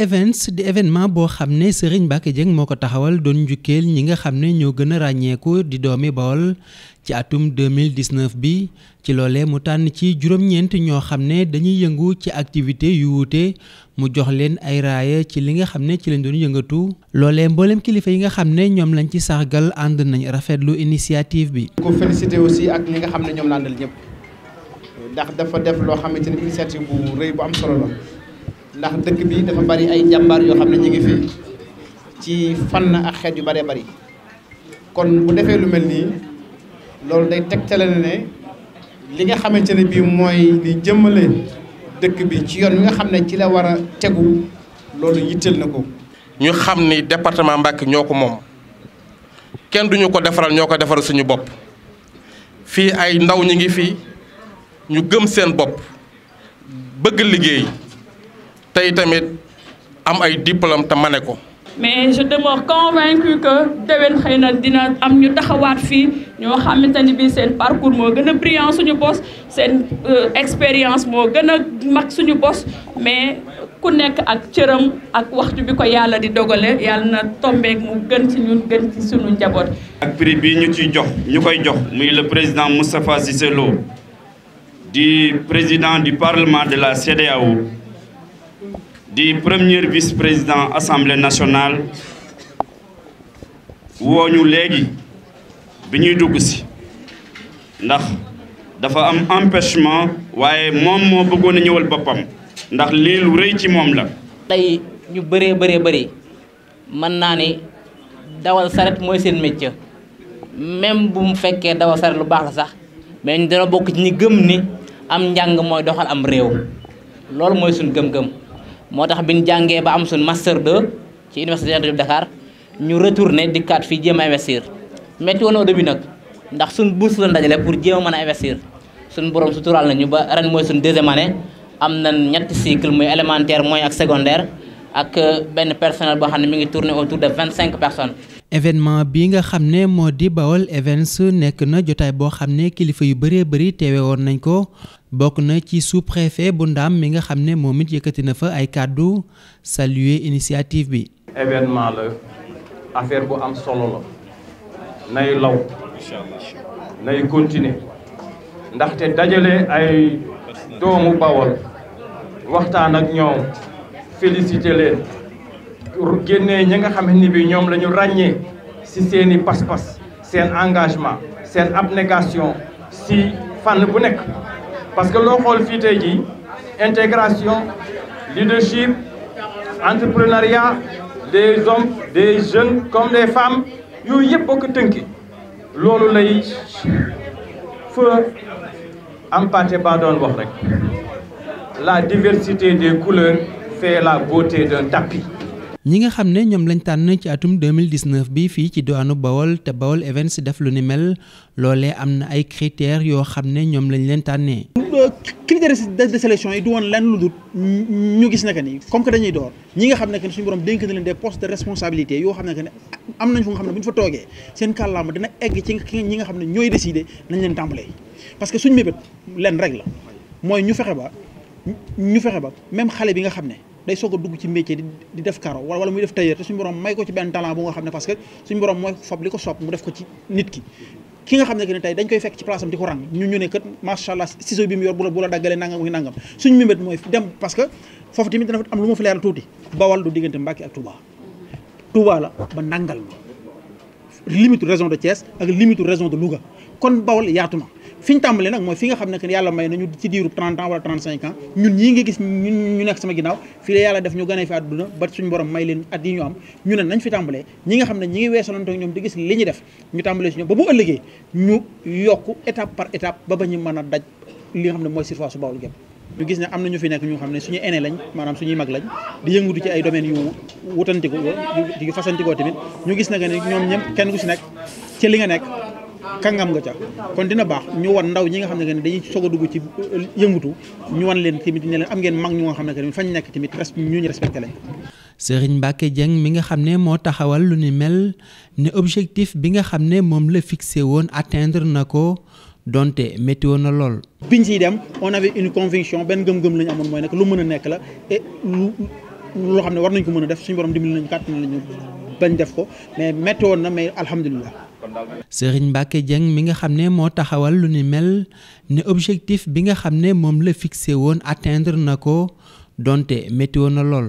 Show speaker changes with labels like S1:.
S1: events di événement boo xam ne Serigne Mbacké Dieng moo ko taxawal doon njukkeel ñi nga xam ne ñoo gën a ràññeeku di doomi Bawol ci atum 2019 bi ci loolee mu tànn ci juróom-ñeent ñoo xam ne dañuy yëngu ci activité yu wuute mu jox leen ay raaya ci li nga xam ne ci lañ doon yëngatu loolee mbooleem kilifa yi nga xam ne ñoom lañ ci sargal ànd nañ rafetlu initiative bi.
S2: ko félicité aussi ak xam ne ñoom la àndal ñëpp bu rëy bu am solo la. ndax dëkk bi dafa bari ay jàmbaar yoo xam ne ñu ngi fi ci na ak xeet yu bëree bari kon bu defee lu mel nii loolu day tegtale ne li nga xamante ne bii mooy li jëmmale dëkk bi ci yoon wi nga xam ne ci la war a tegu loolu yitteel na ko. ñu xam ni département Mbacké ñoo ko moom kenn duñu ko defaral ñoo ko defaral suñu bopp fii ay ndaw ñi ngi fii ñu gëm seen bopp bëgg liggéey. tey tamit am ay diplôme te mane ko. mais je demeure convaincu que déwén xëy na dina am ñu taxawaat fii ñoo xamante ni bii seen parcours moo gën a brillant suñu bos seen euh, expérience moo gën a mag suñu bos mais ku nekk ak cëram ak waxtu bi ko yàlla di dogale yàlla na tombeek mu gën ci ñu gën ci suñu njaboot. ak prix bii ñu ciy jox ñu koy jox muy le président Moustapha si Lo di président du parlement de la CEDEAO. di premier vice-président assemblée nationale wooñu léegi bi ñuy dugg si ndax dafa am empêchement waaye moom moo bëggoon a ñëwal boppam ndax lii lu rëy ci moom la. tey ñu bëree bëree bëri mën naa ni dawal saret mooy seen métier même bu mu fekkee dawal saret lu baax la sax mais ñu dana bokk ci ni gëm ni am njàng mooy doxal am réew loolu mooy suñu gëm-gëm. moo tax bin jàngee ba am suñ master 2 ci université Cheikh Anta Dakar ñu retourné dikkaat fii jéem a investir métti woon au début nag ndax suñ bourse la dajale pour jéem a mën a investir suñ borom su tural nañu ba ren mooy suñ deuxième année am na ñetti cycle muy élémentaire mooy ak secondaire ak euh, benn personnel boo xam ne mi ngi tourné autour de vingt cinq personnes.
S1: événement bi nga xam ne moo di Baol Events nekk na jotaay boo xam ne kilifa yu bëree bëri teewe woon nañ ko bokk na ci sous-préfet bu Ndaam mi nga xam ne moom it yëkkati na fa ay kàddu saluer initiative bi.
S2: événement la affaire bu am solo la nay law nay continuer ndaxte dajale ay doomu Bawol waxtaan ak ñoom féliciter leen génnee ñi nga xam ni bi ñoom la ñu ràññee ci seeni pas-pas seen engagement seen abnégation ci fànn bu nekk. parce que loo xool fii tey jii intégration leadership entrepreneuriat des hommes des jeunes comme des femmes yooyu yëpp boo ko tënkee loolu lay fa Hampâté Bâ doon wax rek la diversité des couleurs fait la beauté d'un tapis
S1: ñi nga xam ne ñoom lañ tànn ci atum 2019 bi fii ci diwaanu Bawol te Bawol Events def lu ni mel loolee am na ay critères yoo xam ne ñoom lañ leen tànnee.
S2: Euh, critères de sélection yi du woon lenn lu dul ñu gis naka ni comme que dañuy door ñi nga xam ne que suñu borom dénk na leen des postes de responsabilité yoo xam ne que ne am nañ fu nga xam ne bu ñu fa toogee seen kàllaama dina egg ci ñi nga xam ne ñooy décider nañ leen tàmbalee parce que suñu mébét lenn rek la mooy ñu fexe ba ñu fexe ba même xale bi nga xam ne. day soo a dugg ci métier di def karo wala wala muy def tailleur te suñu borom may ko ci benn talent bu nga xam ne parce que suñu borom mooy fab li ko soob mu def ko ci nit ki ki nga xam ne que ne tey dañ koy fekk ci place am di ko ñu ñu ne kat macha allah ciseau bi mu yor bu la daggalee nangam muy nangam suñu mébét mooy dem parce que foofu tamit dana fa am lu ma fi leeral tuuti bawal du diggante Mbàkke ak Touba Touba la ba nangal ma limite raison de Thiès ak limite raison de Louga kon bawal yaatu na fi ñu tàmbalee nag mooy fi nga xam ne que yàlla may nañu ci diiru 30 ans wala 35 ans ñun ñii nga gis ñu nekk sama ginnaaw fii la yàlla def ñu gënee fi àdduna ba suñu borom may leen at yi ñu am ñu ne nañ fi tàmbalee ñi nga xam ne ñi ngi weesalante ak ñoom ba bu ëllëgee ñu yokk étape par étape ba ba ñu mën a daj li nga xam ne mooy surface su Bawol gépp ñu gis ne am na ñu fi nekk ñu xam ne suñu aîné lañ maanaam suñuy mag lañ di yëngutu ci kàngam nga ca kon dina baax ñu wan ndaw ñi nga xam ne dañuy soog a dugg ci euh, yëngutu ñu wan leen tamit ne leen am ngeen mag ñu nga xam ne fañ nekk tamit ñu ñu respecté lañ.
S1: Serigne Mbacke mi nga xam ne moo taxawal lu ni mel ne objectif bi nga xam ne moom la fixé woon atteindre na ko donte métti woon na lool.
S2: biñ siy dem on avait une conviction benn gëm-gëm la ñu amoon mooy nag lu mën a nekk la lu loo xam ne war nañ ko mën a def suñu borom dimbali nañu kàttan nañu bañ def ko mais métti na mais alhamdulilah.
S1: Serigne Mbacke Dieng mi nga xam ne moo taxawal lu ni mel ne objectif bi nga xam ne moom la fixé woon atteindre na ko donte météo na lool.